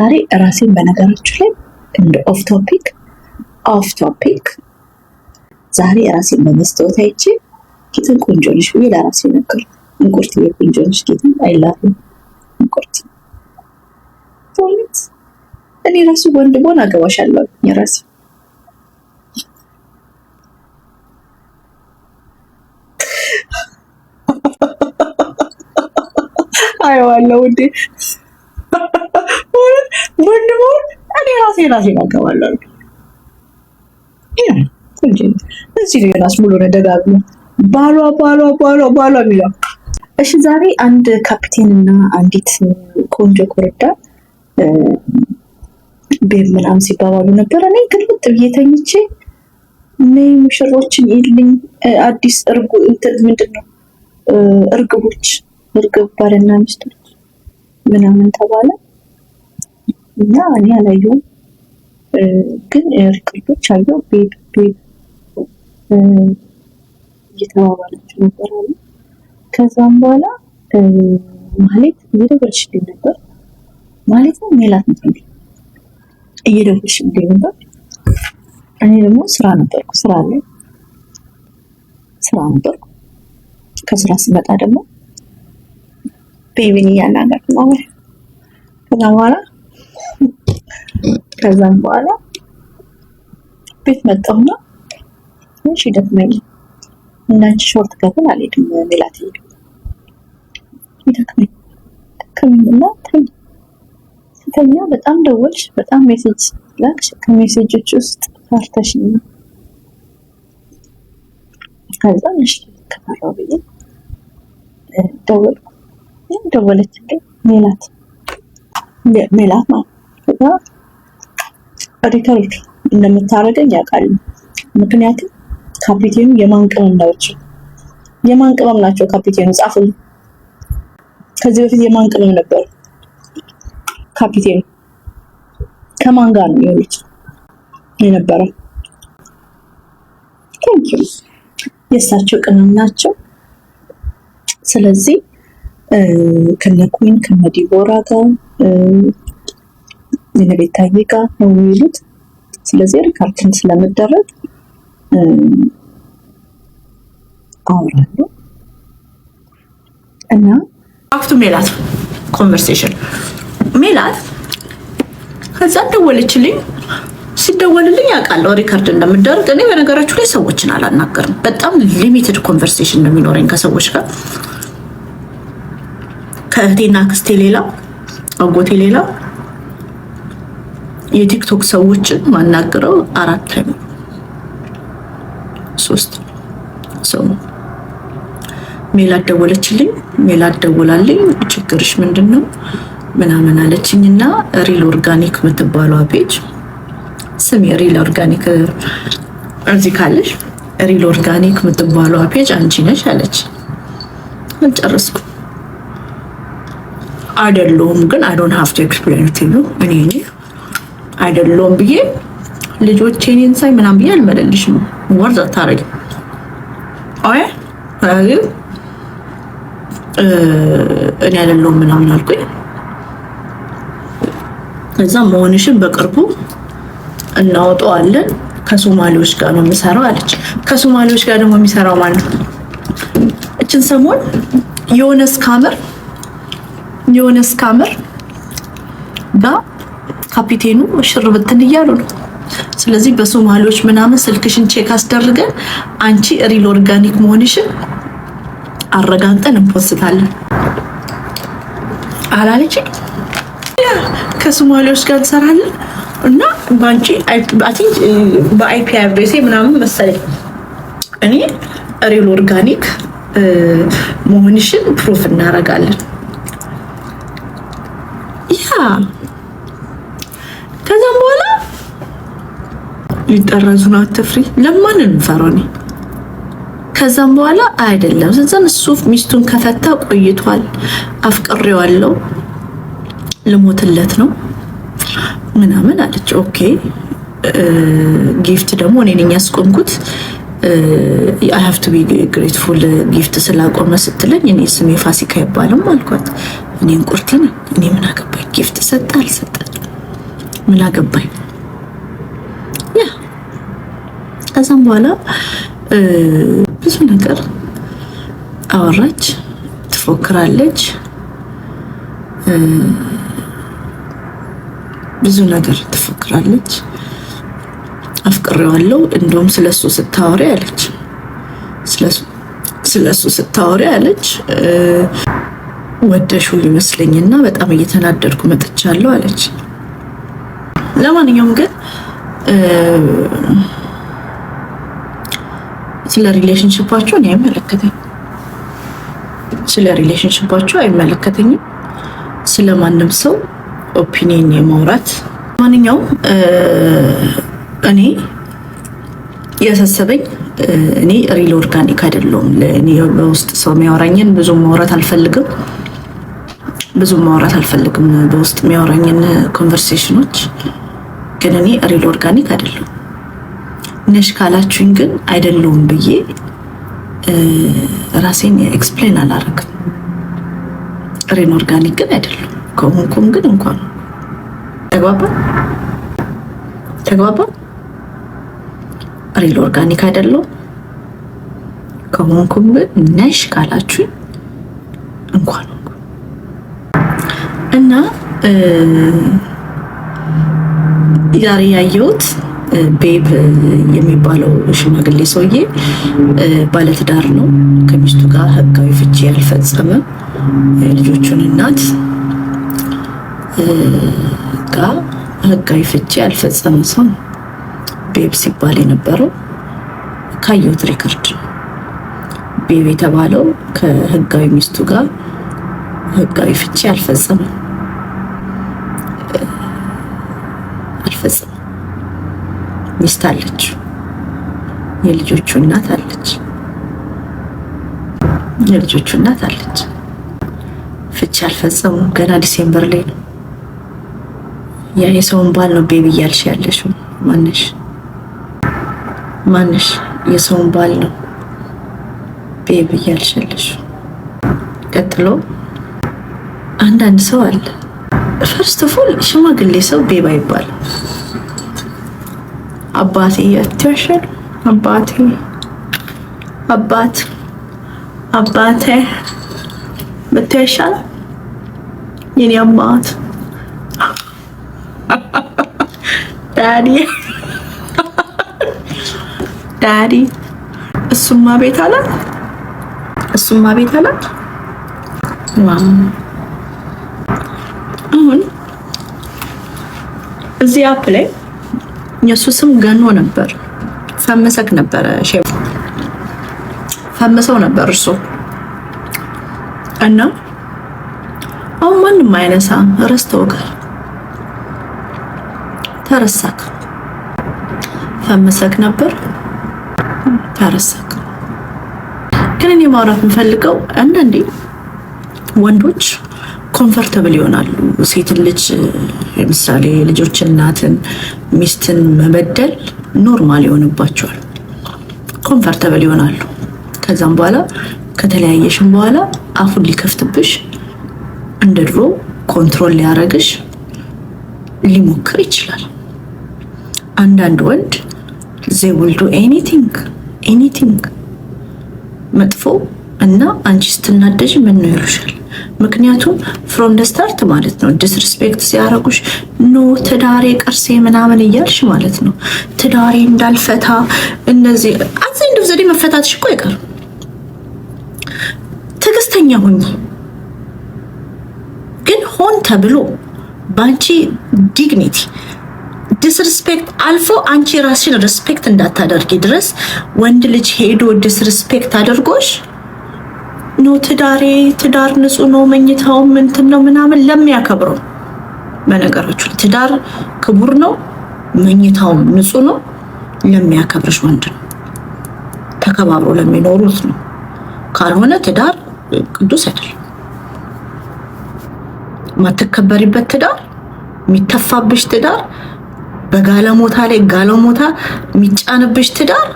ዛሬ ራሴን በነገራችሁ ላይ እንደ ኦፍ ቶፒክ ኦፍ ቶፒክ ዛሬ ራሴን በመስታወት አይቼ ጌትን ቆንጆ ነሽ ብዬ ለራሴ ነገር እንቁርት የቆንጆ ነሽ ጌትን አይላሉ እንቁርት እኔ ራሱ ወንድ አገባሽ አለው የራሴ አይዋለው እንዴ ወንድሙን እኔ ራሴ ራሴ አገባለሁ። እዚህ ሙሉ ደጋግሞ ባሏ ባሏ ባሏ ባሏ የሚለው እሺ፣ ዛሬ አንድ ካፕቴን እና አንዲት ቆንጆ ኮረዳ ቤብ ምናምን ሲባባሉ ነበር። እኔ ብዬ ተኝቼ ነይ ሙሽሮችን ይልኝ አዲስ እርጉ ምንድን ነው እርግቦች እርግብ ባልና ሚስቶች ምናምን ተባለ። እና እኔ አላየሁም፣ ግን ሪከርዶች አየሁ። ቤት ቤት እየተባባለች ነበር አሉ። ከዛም በኋላ ማለት እየደወለችልኝ ነበር ማለት ነው ሜላት ነበር እየደወለችልኝ ነበር። እኔ ደግሞ ስራ ነበርኩ፣ ስራ አለ ስራ ነበርኩ። ከስራ ስመጣ ደግሞ ቤቢን እያናገርኩ ነው። ከዛ በኋላ ከዛም በኋላ ቤት መጣሁና ትንሽ ይደክመኝ እናንቺ ሾርት ከትን አልሄድም ሜላት ሄዱ ይደክመኝ ደከመኝና ተኝ ስተኛ በጣም ደወልሽ፣ በጣም ሜሴጅ ላክሽ። ከሜሴጆች ውስጥ ፈርተሽኝ ነው። ከዛ ነሽ ከፈራው ብዬ ደወልኩ። ደወለችልኝ ሜላት ሜላት ማለት እና ሪከርድ እንደምታደርገኝ ያውቃሉ። ምክንያቱም ካፒቴኑ የማን ቅመም ናቸው? የማን ቅመም ናቸው? ካፒቴኑ ጻፉ። ከዚህ በፊት የማን ቅመም ነበር ካፒቴኑ ከማን ጋር ነው የሆነች የነበረው? ቴንኪዩ የእሳቸው ቅመም ናቸው። ስለዚህ ከነኩን ከነዲቦራ ጋር ቤት ታይጋ ነው የሚሉት። ስለዚህ ሪካርድን ስለመደረግ አውራለሁ እና አፍቱ ሜላት ኮንቨርሴሽን ሜላት ከዛ ደወለችልኝ። ሲደወልልኝ ያውቃለሁ ሪከርድ እንደምደርግ። እኔ በነገራችሁ ላይ ሰዎችን አላናገርም። በጣም ሊሚትድ ኮንቨርሴሽን እንደሚኖረኝ ከሰዎች ጋር ከእህቴና ክስቴ ሌላ አጎቴ ሌላ የቲክቶክ ሰዎችን ማናገረው አራት ታይም ሶስት ሰው ሜል አደወለችልኝ። ሜል አደወላልኝ ችግርሽ ምንድን ነው ምናምን አለችኝ እና ሪል ኦርጋኒክ የምትባሏ ፔጅ ስም የሪል ኦርጋኒክ እዚህ ካለሽ ሪል ኦርጋኒክ የምትባሏ ፔጅ አንቺ ነሽ አለች። ጨረስኩ። አይደለሁም ግን አይ ዶንት ሃቭ ቱ ኤክስፕሌን ቱ ዩ እኔ እኔ አይደለሁም ብዬ ልጆቼ እኔን ሳይ ምናምን ብዬ አልመለልሽም። ወርዝ አታረጊ አይ እኔ አይደለሁም ምናምን አልኩኝ። እዛ መሆንሽን በቅርቡ እናወጣዋለን። ከሶማሌዎች ጋር ነው የሚሰራው አለች። ከሶማሌዎች ጋር ደግሞ የሚሰራው ማለት ነው። እችን ሰሞን የሆነ ስካመር የሆነ ጋር ካፒቴኑ ሽር ብትን እያሉ ነው። ስለዚህ በሶማሌዎች ምናምን ስልክሽን ቼክ አስደርገን አንቺ ሪል ኦርጋኒክ መሆንሽን አረጋግጠን እንፖስታለን አላለች። ከሶማሌዎች ጋር እንሰራለን እና በአንቺ በአይፒ አድሬሴ ምናምን መሰለኝ እኔ ሪል ኦርጋኒክ መሆንሽን ፕሩፍ እናደርጋለን ያ ሊጠረዙ ነው። አትፍሪ። ለማንን ፈሮኔ ከዛም በኋላ አይደለም ስንዘን እሱ ሚስቱን ከፈታ ቆይቷል። አፍቅሬዋለሁ ልሞትለት ነው ምናምን አለች። ኦኬ ጊፍት ደግሞ ነኝ ያስቆምኩት አይ ሀቭ ቱ ቢ ግሬትፉል ጊፍት ስላቆመ ስትለኝ እኔ ስሜ ፋሲካ ይባልም አልኳት። እኔ እንቁርቲ ነኝ። እኔ ምን አገባኝ? ጊፍት ሰጠ አልሰጠ ምን አገባኝ? ከዛም በኋላ ብዙ ነገር አወራች፣ ትፎክራለች፣ ብዙ ነገር ትፎክራለች። አፍቅሬዋለሁ እንደውም ስለሱ ስታወሪ አለች ስለሱ ስታወሪ አለች ወደሹ ይመስለኝና በጣም እየተናደድኩ መጥቻለሁ አለች። ለማንኛውም ግን ስለ ሪሌሽንሽፓቸው እኔ አይመለከተኝም። ስለ ሪሌሽንሽፓቸው አይመለከተኝም። ስለ ማንም ሰው ኦፒኒየን የማውራት ማንኛውም እኔ ያሳሰበኝ እኔ ሪል ኦርጋኒክ አይደለሁም። በውስጥ ሰው የሚያወራኝን ብዙ ማውራት አልፈልግም። ብዙ ማውራት አልፈልግም። በውስጥ የሚያወራኝን ኮንቨርሴሽኖች ግን እኔ ሪል ኦርጋኒክ አይደለሁም። ነሽ ካላችሁኝ ግን አይደለውም ብዬ ራሴን ኤክስፕሌን አላረግም። ሬን ኦርጋኒክ ግን አይደለም። ከሆንኩም ግን እንኳን ተግባባ ተግባባ ሬል ኦርጋኒክ አይደለው ከሆንኩም ግን ነሽ ካላችሁኝ እንኳን እና ዛሬ ያየሁት ቤብ የሚባለው ሽማግሌ ሰውዬ ባለትዳር ነው። ከሚስቱ ጋር ህጋዊ ፍቺ ያልፈጸመ ልጆቹን እናት ጋር ህጋዊ ፍቺ ያልፈጸመ ሰው ነው ቤብ ሲባል የነበረው። ካየሁት ሪከርድ ቤብ የተባለው ከህጋዊ ሚስቱ ጋር ህጋዊ ፍቺ አልፈጸመም አልፈጸመም። ሚስት አለችው የልጆቹ እናት አለች፣ የልጆቹ እናት አለች። ፍቺ አልፈጸሙም። ገና ዲሴምበር ላይ ነው። ያ የሰውን ባል ነው ቤቢ እያልሽ ያለሽ ማነሽ? ማነሽ? የሰውን ባል ነው ቤቢ እያልሽ ያለሽ። ቀጥሎ አንዳንድ ሰው አለ። ፈርስት ኦፍ ኦል ሽማግሌ ሰው ቤባ ይባላል። አባቴ ያትያሻል አባቴ አባት አባቴ ብትያሻል የኔ አባት ዳዲ ዳዲ እሱማ ቤት አለ እሱማ ቤት አላት። አሁን እዚህ አፕ ላይ የእሱ ስም ገኖ ነበር። ፈምሰክ ነበረ ሼ ፈምሰው ነበር እሱ እና አሁን ማንም አይነሳ ጋር ተረሳክ። ፈምሰክ ነበር ተረሳክ። ግን እኔ ማውራት የምፈልገው አንዳንዴ ወንዶች ኮንፈርተብል ይሆናሉ። ሴትን ልጅ ለምሳሌ ልጆች እናትን፣ ሚስትን መበደል ኖርማል ይሆንባቸዋል። ኮንፈርተብል ይሆናሉ። ከዛም በኋላ ከተለያየሽም በኋላ አፉን ሊከፍትብሽ እንደ ድሮ ኮንትሮል ሊያረግሽ ሊሞክር ይችላል። አንዳንድ ወንድ ዜ ውል ዱ ኤኒቲንግ ኤኒቲንግ መጥፎ እና አንቺ ስትናደጅ ምን ነው ይሉሻል ምክንያቱም ፍሮም ደ ስታርት ማለት ነው ዲስሪስፔክት ሲያደርጉሽ ኖ ትዳሬ ቅርሴ ምናምን እያልሽ ማለት ነው ትዳሬ እንዳልፈታ እነዚህ አዚ እንደ ዘዴ መፈታትሽ እኮ አይቀርም። ትዕግስተኛ ሁኚ። ግን ሆን ተብሎ በአንቺ ዲግኒቲ ዲስሪስፔክት አልፎ አንቺ ራስሽን ሪስፔክት እንዳታደርጊ ድረስ ወንድ ልጅ ሄዶ ዲስሪስፔክት አድርጎሽ ኖ ትዳሬ ትዳር ንጹህ ነው መኝታውም እንትን ነው ምናምን ለሚያከብረው በነገራችሁ ትዳር ክቡር ነው፣ መኝታውም ንጹህ ነው ለሚያከብርሽ ወንድ ነው። ተከባብሮ ለሚኖሩት ነው። ካልሆነ ትዳር ቅዱስ አይደለም። የማትከበሪበት ትዳር፣ የሚተፋብሽ ትዳር፣ በጋለሞታ ላይ ጋለሞታ የሚጫንብሽ ትዳር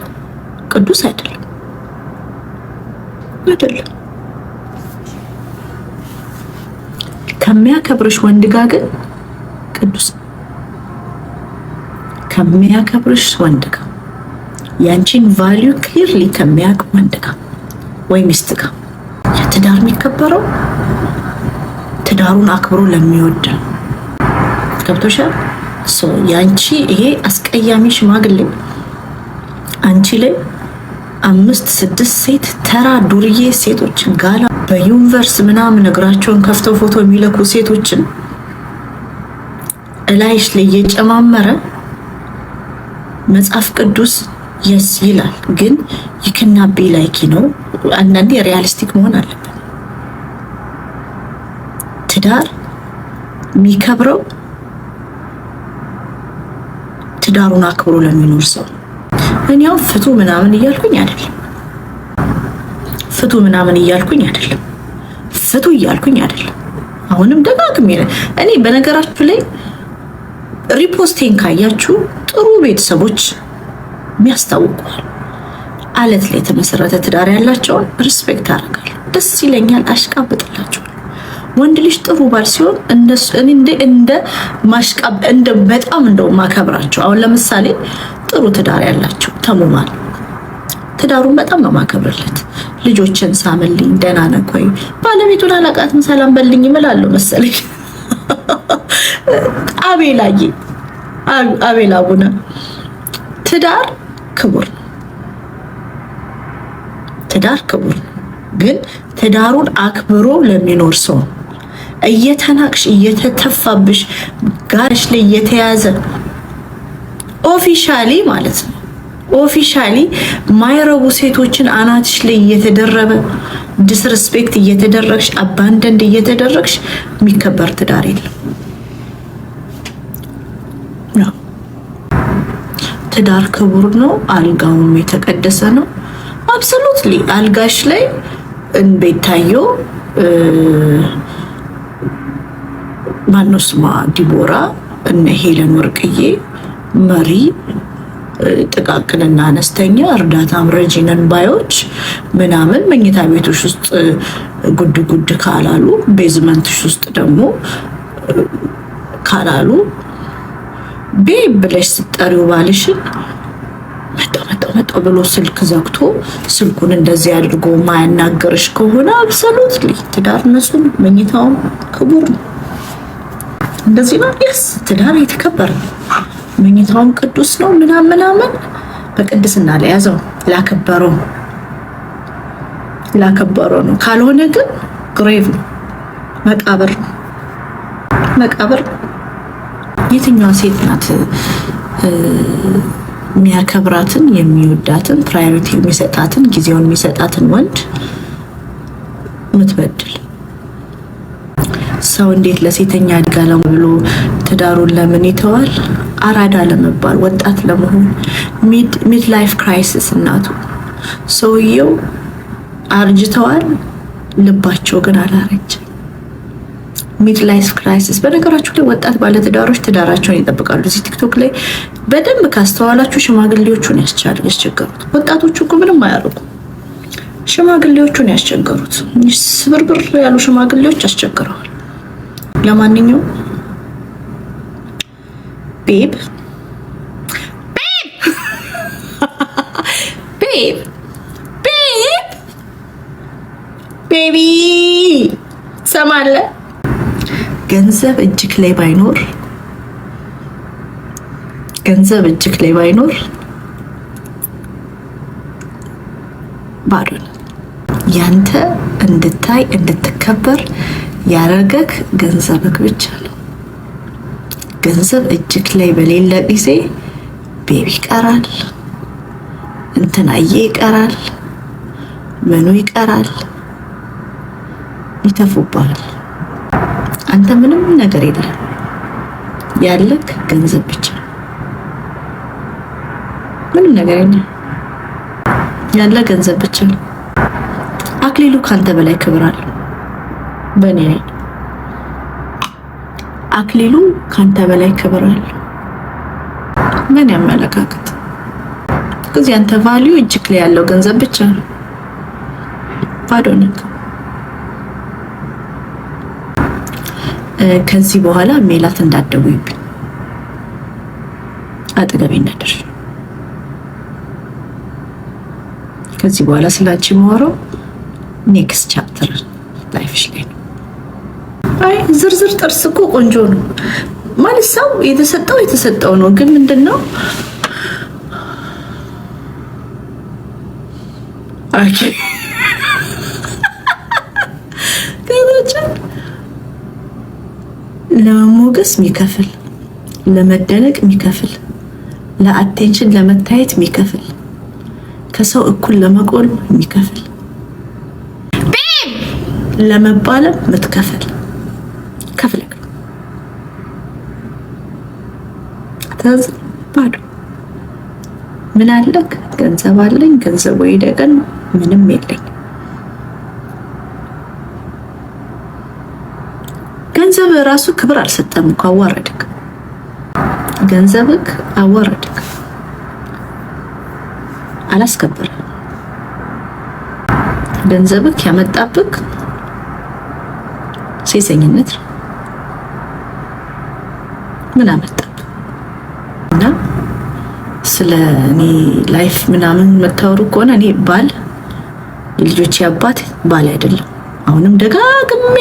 ቅዱስ አይደለም አይደለም። ከሚያከብርሽ ወንድ ጋር ግን ቅዱስ ከሚያከብርሽ ወንድ ጋር ያንቺን ቫሊዩ ክሊርሊ ከሚያውቅ ወንድ ጋር ወይ ሚስት ጋር ትዳር የሚከበረው ትዳሩን አክብሮ ለሚወድ ገብቶሻል። ያንቺ ይሄ አስቀያሚ ሽማግሌ አንቺ ላይ አምስት ስድስት ሴት ተራ ዱርዬ ሴቶች ጋላ በዩኒቨርስ ምናምን እግራቸውን ከፍተው ፎቶ የሚለኩ ሴቶችን እላይሽ ላይ እየጨማመረ መጽሐፍ ቅዱስ የስ ይላል፣ ግን ይክና ላይኪ ነው። አንዳንዴ ሪያሊስቲክ መሆን አለበት። ትዳር የሚከብረው ትዳሩን አክብሮ ለሚኖር ሰው እኔ ያው ፍቱ ምናምን እያልኩኝ አይደለም። ፍቱ ምናምን እያልኩኝ አይደለም፣ ፍቱ እያልኩኝ አይደለም። አሁንም ደጋግሜ እኔ በነገራችሁ ላይ ሪፖስቴን ካያችሁ ጥሩ ቤተሰቦች የሚያስታውቋል። አለት ላይ የተመሰረተ ትዳር ያላቸውን ሪስፔክት አደርጋለሁ። ደስ ይለኛል፣ አሽቃብጥላቸዋል። ወንድ ልጅ ጥሩ ባል ሲሆን እንደ ማሽቃብ እንደ በጣም እንደው ማከብራቸው። አሁን ለምሳሌ ጥሩ ትዳር ያላቸው ተሙማል ትዳሩን በጣም ነው ማከብርለት። ልጆችን ሳምልኝ፣ ደህና ነህ ወይ፣ ባለቤቱን አላቃትም፣ ሰላም በልኝ እምላለሁ መሰለኝ። አቤላዬ አቤላ ቡና ትዳር ክቡር ነው። ትዳር ክቡር ነው፣ ግን ትዳሩን አክብሮ ለሚኖር ሰው እየተናቅሽ እየተተፋብሽ ጋሽ ላይ እየተያዘ ኦፊሻሊ ማለት ነው ኦፊሻሊ ማይረቡ ሴቶችን አናትሽ ላይ እየተደረበ ዲስሪስፔክት እየተደረግሽ አባንደንድ እየተደረግሽ የሚከበር ትዳር የለም። ትዳር ክቡር ነው። አልጋውም የተቀደሰ ነው። አብሶሉትሊ አልጋሽ ላይ ቤታየው ማኖስማ ዲቦራ እነ ሄለን ወርቅዬ መሪ ጥቃቅንና አነስተኛ እርዳታም ረጂነን ባዮች ምናምን መኝታ ቤቶች ውስጥ ጉድ ጉድ ካላሉ ቤዝመንትሽ ውስጥ ደግሞ ካላሉ ቤ ብለሽ ስጠሪው ባልሽን መጣ መጣ መጣ ብሎ ስልክ ዘግቶ ስልኩን እንደዚህ አድርጎ ማያናገርሽ ከሆነ አብሶሉትሊ ትዳር ነሱን መኝታውም ክቡር ነው። እንደዚህ ነው። የስ ትዳር የተከበረ ነው። መኝታውም ቅዱስ ነው ምናምን ምናምን በቅድስና ላይ ያዘው። ላከበሮ ላከበሮ ነው። ካልሆነ ግን ግሬቭ ነው፣ መቃብር ነው፣ መቃብር ነው። የትኛዋ ሴት ናት የሚያከብራትን የሚወዳትን ፕራዮሪቲ የሚሰጣትን ጊዜውን የሚሰጣትን ወንድ የምትበድል? ሰው እንዴት ለሴተኛ አደጋ ብሎ ትዳሩን ለምን ይተዋል? አራዳ ለመባል ወጣት ለመሆን ሚድ ላይፍ ክራይሲስ። እናቱ ሰውየው አርጅተዋል፣ ልባቸው ግን አላረጅ ሚድ ላይፍ ክራይሲስ። በነገራችሁ ላይ ወጣት ባለትዳሮች ትዳራቸውን ይጠብቃሉ። እዚህ ቲክቶክ ላይ በደንብ ካስተዋላችሁ ሽማግሌዎቹን ያስቻል ያስቸገሩት። ወጣቶቹ እኮ ምንም አያደርጉ ሽማግሌዎቹን ያስቸገሩት። ስብርብር ያሉ ሽማግሌዎች አስቸግረዋል። ለማንኛውም ቤብ ቤብ ቤቢ ሰማለ ገንዘብ እጅክ ላይ ባይኖር ገንዘብ እጅክ ላይ ባይኖር ባዶን ያንተ እንድታይ እንድትከበር ያደረገክ ገንዘብክ ብቻ ነው። ገንዘብ እጅክ ላይ በሌለ ጊዜ ቤቢ ይቀራል፣ እንትናዬ ይቀራል፣ ምኑ ይቀራል፣ ይተፉባል። አንተ ምንም ነገር የለም ያለክ ገንዘብ ብቻ ምንም ነገር የለም ያለ ገንዘብ ብቻ ነው። አክሊሉ ካንተ በላይ ክብር አለው። በእኔ ላይ አክሊሉ ካንተ በላይ ክብር አለ። ምን ያመለካከት ጊዜ አንተ ቫልዩ እጅግ ላይ ያለው ገንዘብ ብቻ ነው። ባዶ ነክ ከዚህ በኋላ ሜላት እንዳትደውይብኝ፣ አጠገቤ እንዳትደርሽ። ከዚህ በኋላ ስላንቺ የማወራው ኔክስት ቻፕተር ላይፍሽ ላይ ነው። አይ ዝርዝር ጥርስ እኮ ቆንጆ ነው ማለት ሰው የተሰጠው የተሰጠው ነው። ግን ምንድን ነው ለመሞገስ የሚከፍል ለመደነቅ የሚከፍል ለአቴንሽን ለመታየት የሚከፍል ከሰው እኩል ለመቆም የሚከፍል ለመባለም ምትከፍል ተዝም ባዶ ምን አለክ? ገንዘብ አለኝ፣ ገንዘብ ወይ ደገን ምንም የለኝ። ገንዘብ ራሱ ክብር አልሰጠም እኮ አዋረድክ። ገንዘብክ አዋረድክ፣ አላስከበረ ገንዘብክ ያመጣብክ ሴሰኝነት ምን አመጣ? እና ስለ እኔ ላይፍ ምናምን መታወሩ ከሆነ እኔ ባል የልጆቼ አባት ባል አይደለም። አሁንም ደጋግሜ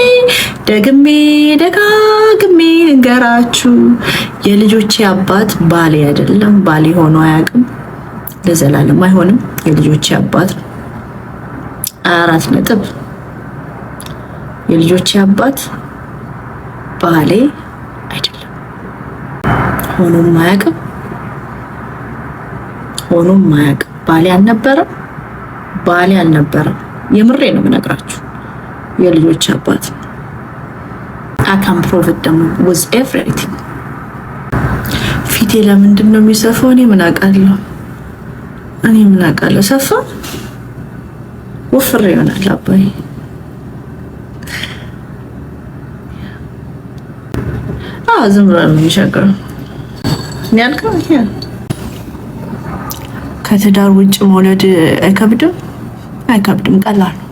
ደግሜ ደጋግሜ ንገራችሁ የልጆቼ አባት ባሌ አይደለም። ባሌ ሆኖ አያውቅም፣ ለዘላለም አይሆንም። የልጆች አባት አራት ነጥብ። የልጆቼ አባት ባሌ አይደለም፣ ሆኖም አያውቅም። ሆኖም ማያቅ ባሌ አልነበረም፣ ባሌ አልነበረም። የምሬ ነው የምነግራችሁ። የልጆች አባት አካም ፕሮቪድ ደግሞ ወዝ ኤቭሪቲንግ። ፊቴ ለምንድን ነው የሚሰፋው? እኔ ምን አውቃለሁ? እኔ ምን አውቃለሁ? ሰፋ ወፍር ይሆናል አባይ ዝም ብሎ ነው የሚሸግረው ያልከው ከትዳር ውጭ መውለድ አይከብድም? አይከብድም፣ ቀላል ነው።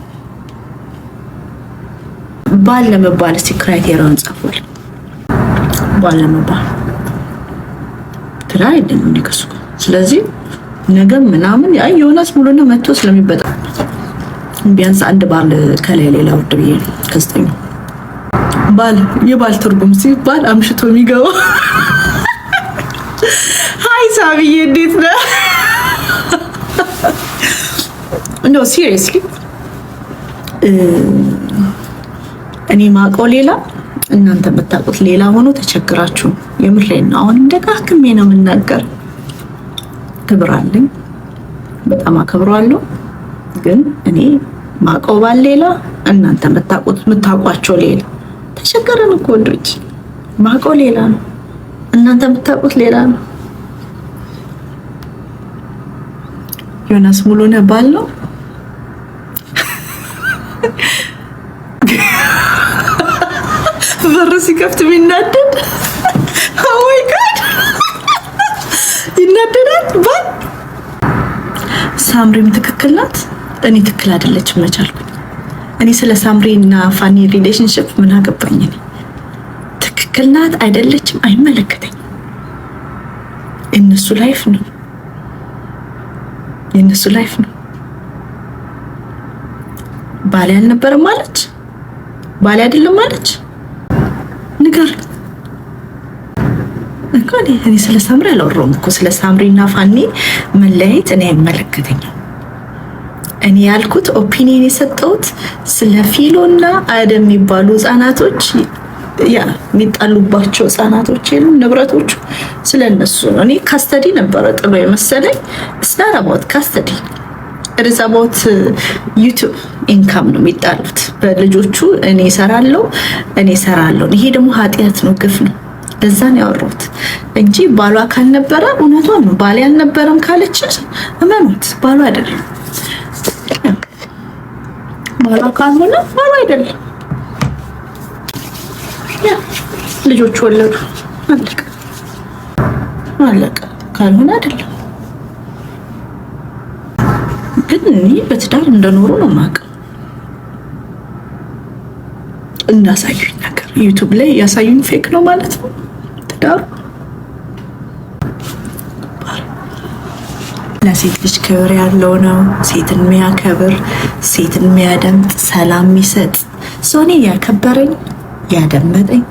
ባል ለመባል እስቲ ክራይቴሪያውን ጻፉል። ባል ለመባል ትዳር የለኝም እኔ ከሱ ጋር ስለዚህ ነገ ምናምን ያ ዮናስ ሙሉና መጥቶ ስለሚበጣ ቢያንስ አንድ ባል ከላይ ሌላ ውድ ብዬ ከስጠኝ ባል የባል ትርጉም ሲ ባል አምሽቶ የሚገባ ሀይ ሳብዬ እንዴት ነህ? እንደው ሲሪየስሊ እኔ ማውቀው ሌላ እናንተ የምታውቁት ሌላ ሆኖ ተቸግራችሁ የምሬን ነው። አሁን ደጋግሜ ነው የምናገር። ክብር አለኝ፣ በጣም አከብረዋለሁ። ግን እኔ ማውቀው ባል ሌላ፣ እናንተ የምታውቁት የምታውቋቸው ሌላ። ተቸገረን እኮ ወንዶች። ማውቀው ሌላ ነው፣ እናንተ የምታውቁት ሌላ ነው። ዮናስ ሙሉነህ ባል ነው። በር ሲከፍት የሚናደድ ወይ oh ጋድ ይናደዳል። ባል ሳምሪም ትክክል ናት። እኔ ትክክል አይደለችም መቻልኩኝ። እኔ ስለ ሳምሪ እና ፋኒ ሪሌሽንሽፕ ምን አገባኝ? እኔ ትክክል ናት አይደለችም አይመለከተኝም። እነሱ ላይፍ ነው የእነሱ ላይፍ ነው። ባሌ አልነበረም አለች፣ ባሌ አይደለም አለች። ንገር እኮ እኔ ስለ ሳምሪ አላወራሁም እኮ ስለ ሳምሪና ፋኒ መለያየት እኔ አይመለከተኝም። እኔ ያልኩት ኦፒኒየን የሰጠሁት ስለ ፊሎና አደም የሚባሉ ህጻናቶች ያ የሚጣሉባቸው ህጻናቶች የሉም ንብረቶቹ ስለነሱ ነው። እኔ ካስተዲ ነበረ ጥሩ የመሰለኝ ስናረባት ካስተዲ ርዛቦት ዩቱብ ኢንካም ነው የሚጣሉት በልጆቹ። እኔ ሰራለው እኔ ሰራለው። ይሄ ደግሞ ኃጢአት ነው፣ ግፍ ነው። ለዛን ያወሩት እንጂ ባሏ ካልነበረ እውነቷ ነው። ባሌ ያልነበረም ካለች እመኑት፣ ባሏ አይደለም። ባሏ ካልሆነ ባሏ አይደለም። ልጆች ወለዱ። አለቀ አለቀ። ካልሆነ አይደለም ግን እኔ በትዳር እንደኖሩ ነው ማቀ እናሳዩኝ ነገር ዩቱብ ላይ ያሳዩኝ ፌክ ነው ማለት ነው ትዳሩ። ለሴት ልጅ ክብር ያለው ነው። ሴትን የሚያከብር ሴትን የሚያደምጥ ሰላም የሚሰጥ ሰው ያከበረኝ ያደመጠኝ፣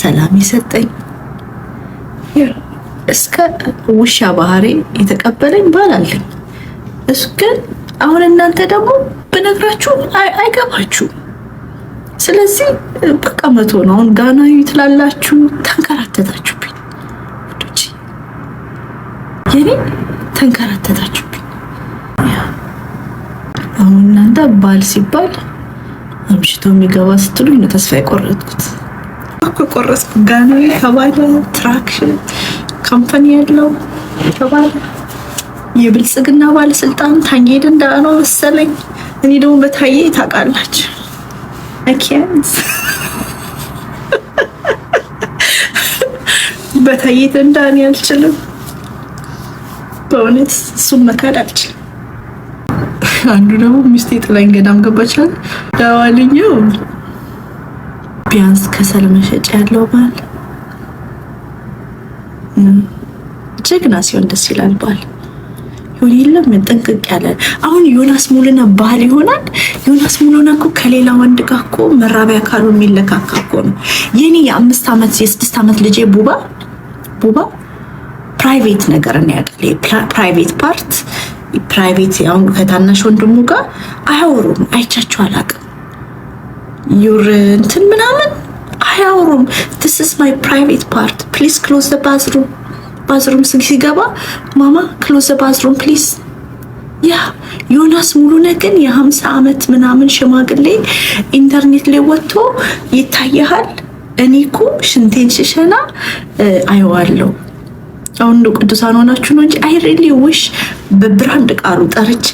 ሰላም የሰጠኝ እስከ ውሻ ባህሪ የተቀበለኝ ባል አለኝ። እሱ ግን አሁን እናንተ ደግሞ ብነግራችሁ አይገባችሁ ስለዚህ በቃ መቶ ነው። አሁን ጋና ትላላችሁ፣ ተንከራተታችሁብኝ። ወዶች የኔ ተንከራተታችሁብኝ። አሁን እናንተ ባል ሲባል አምሽቶ የሚገባ ስትሉኝ ነው ተስፋ የቆረጥኩት። እኮ የቆረጥኩ ጋናዊ ከባለ ትራክሽን ካምፓኒ ያለው ከባለ የብልጽግና ባለስልጣን ታዬ ደንደዓ ነው መሰለኝ። እኔ ደግሞ በታየ ታውቃላችሁ አኪያንስ በታየ ደንደዓ እኔ አልችልም በእውነት እሱም መካድ አልችልም። አንዱ ደግሞ ሚስቴ ጥላኝ ገዳም ገባቻል። ዳዋልኛው ቢያንስ ከሰል መሸጫ ያለው ባል ጀግና ሲሆን ደስ ይላል። ባል ይሁን የለም ጠንቅቅ ያለ አሁን ዮናስ ሙሉና ባል ይሆናል። ዮናስ ሙሉና እኮ ከሌላ ወንድ ጋር እኮ መራቢያ ካሉ የሚለካካ እኮ ነው። የኔ የአምስት ዓመት የስድስት ዓመት ልጄ ቡባ ቡባ ፕራይቬት ነገር ነው ያውቃል። ፕራይቬት ፓርት ፕራይቬት አሁን ከታናሽ ወንድሙ ጋር አያወሩም። አይቻችሁ አላቅም ዩር እንትን ምናምን አያወሩም። ዲስ ኢዝ ማይ ፕራይቬት ፓርት ፕሊስ ክሎዝ ባዝሩም ባዝሩም ሲገባ ማማ ክሎዝ ባዝሩም ፕሊስ ያ ዮናስ ሙሉነህ ግን የሀምሳ ዓመት ምናምን ሽማግሌ ኢንተርኔት ላይ ወጥቶ ይታያሃል። እኔ እኮ ሽንቴን ሽሸና አየዋለሁ አሁን እንደ ቅዱሳን ሆናችሁ ነው እንጂ አይ ሪሊ ውሽ በብራንድ ቃሉ ጠርቼ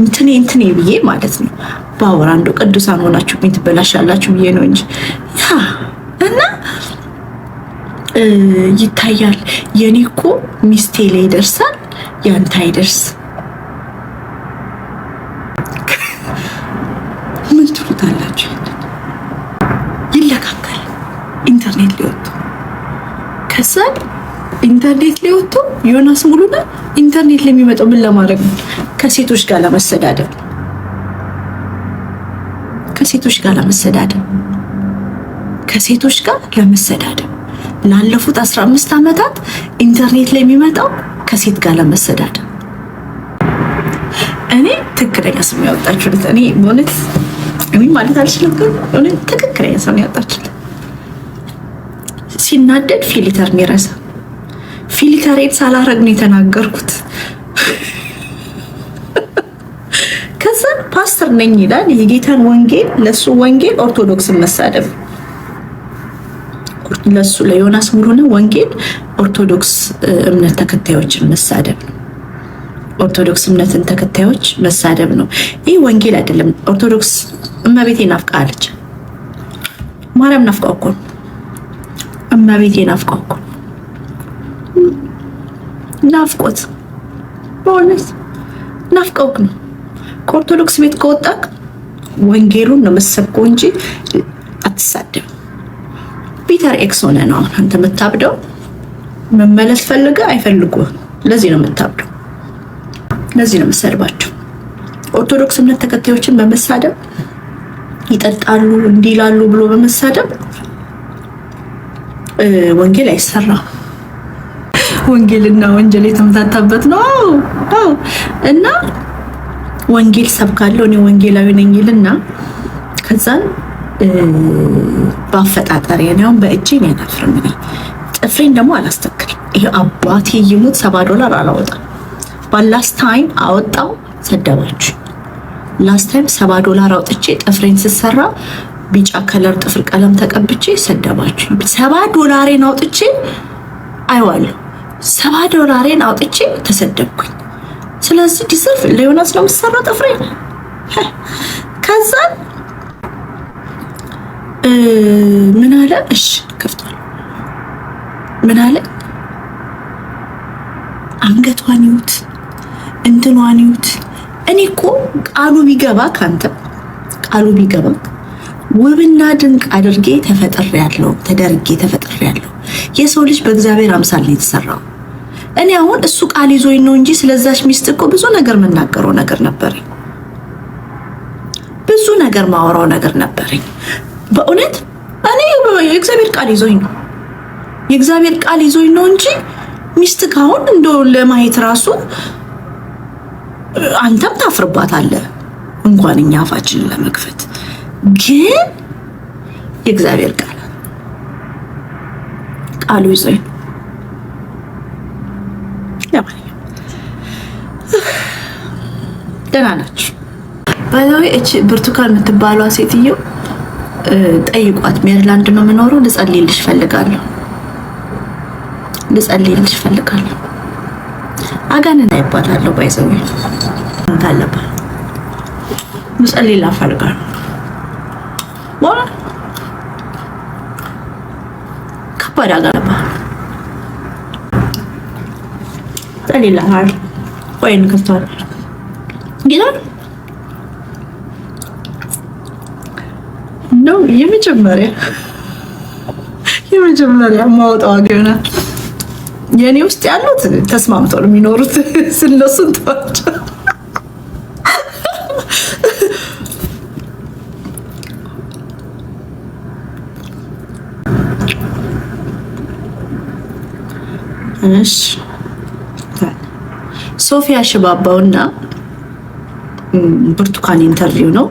እንትኔ እንትኔ ብዬ ማለት ነው በአወራ እንደ ቅዱሳን ሆናችሁ ምን ትበላሻላችሁ ብዬ ነው እንጂ ያ እና ይታያል። የኔ እኮ ሚስቴ ላይ ይደርሳል፣ ያንተ አይደርስ። ምን ትሉታላችሁ? ይለካከል ኢንተርኔት ሊወጡ ከዛን ኢንተርኔት ላይ ወጥቶ ዮናስ ሙሉና ኢንተርኔት ላይ የሚመጣው ምን ለማድረግ ነው? ከሴቶች ጋር ለመሰዳደብ ከሴቶች ጋር ለመሰዳደብ ከሴቶች ጋር ለመሰዳደብ ላለፉት 15 ዓመታት ኢንተርኔት ላይ የሚመጣው ከሴት ጋር ለመሰዳደብ እኔ ትክክለኛ ስም ያወጣችሁለት እኔ በእውነት እኔ ማለት አልችልም፣ ግን ትክክለኛ ስም ያወጣችሁለት ሲናደድ ፊሊተር የሚረሳ ፊልተሬን ሳላረግ ነው የተናገርኩት። ከዛ ፓስተር ነኝ ይላል። የጌታን ወንጌል ለሱ ወንጌል ኦርቶዶክስን መሳደብ ለሱ ለዮናስ ሙሉነ ወንጌል ኦርቶዶክስ እምነት ተከታዮችን መሳደብ ነው። ኦርቶዶክስ እምነትን ተከታዮች መሳደብ ነው። ይህ ወንጌል አይደለም። ኦርቶዶክስ እመቤቴ ናፍቃ አለች። ማርያም ናፍቃ እኮ እመቤቴ ናፍቃ እኮ ናፍቆት በእውነት ናፍቀውክ ነው። ከኦርቶዶክስ ቤት ከወጣክ ወንጌሉን ነው መሰብከው እንጂ ፒተር ኤክስ ሆነ ነው አሁን አንተ የምታብደው። መመለስ ፈልገ ለዚህ ነው የምታብደው። ለዚህ ነው የምሰድባቸው። ኦርቶዶክስ እምነት ተከታዮችን በመሳደብ ይጠጣሉ እንዲላሉ ብሎ በመሳደብ ወንጌል አይሰራም። ወንጌልና ወንጀል የተመታታበት ነው እና ወንጌል ሰብካለሁ እኔ ወንጌላዊ ነኝ ይልና ከዛን በአፈጣጠሪ ያውን በእጄ ነው ያናፍርም ጥፍሬን ደግሞ አላስተክልም። ይሄ አባቴ ይሙት ሰባ ዶላር አላወጣም። ባላስ ታይም አወጣው ሰደባችሁ። ላስ ታይም ሰባ ዶላር አውጥቼ ጥፍሬን ስሰራ ቢጫ ከለር ጥፍር ቀለም ተቀብቼ ሰደባችሁ። ሰባ ዶላሬን አውጥቼ አይዋለሁ ሰባ ዶላሬን አውጥቼ ተሰደብኩኝ። ስለዚህ ዲሰርፍ ለዮናስ ነው የምሰራው ጥፍሬ። ከዛ ምን አለ? እሺ ከፍቷል። ምን አለ? አንገቷን ይዩት፣ እንትኗን ይዩት። እኔ እኮ ቃሉ ቢገባ ካንተ ቃሉ ቢገባ ውብና ድንቅ አድርጌ ያለው ተደርጌ ያለው። የሰው ልጅ በእግዚአብሔር አምሳል ነው የተሰራው። እኔ አሁን እሱ ቃል ይዞኝ ነው እንጂ ስለዛች ሚስት እኮ ብዙ ነገር የምናገረው ነገር ነበረኝ፣ ብዙ ነገር ማወራው ነገር ነበረኝ። በእውነት እኔ የእግዚአብሔር ቃል ይዞኝ ነው የእግዚአብሔር ቃል ይዞኝ ነው እንጂ ሚስት ካሁን እንደ ለማየት ራሱ አንተም ታፍርባታለህ፣ እንኳን እኛ አፋችንን ለመክፈት ግን የእግዚአብሔር ቃል አሉ ይዞኝ ለማንኛውም ደህና ናችሁ። ባይዘዌ እቺ ብርቱካን የምትባሏ ሴትዮ ጠይቋት። ሜሪላንድ ነው የምኖረው፣ ልጸልይልሽ ፈልጋለሁ፣ ልጸልይልሽ ፈልጋለሁ። አጋንና ይባላለሁ። ባይዛዊ ታለባ ልጸልይላ ፈልጋለሁ paragama. Relajar o enkazan. Gider. No, yemeyeceğim böyle. yemeyeceğim böyle ama o da gönül የእኔ ውስጥ ያሉት ተስማምተው ነው sen nasıl እንተዋቸው። ሶፊያ ሽባባውና ብርቱካን ኢንተርቪው ነው።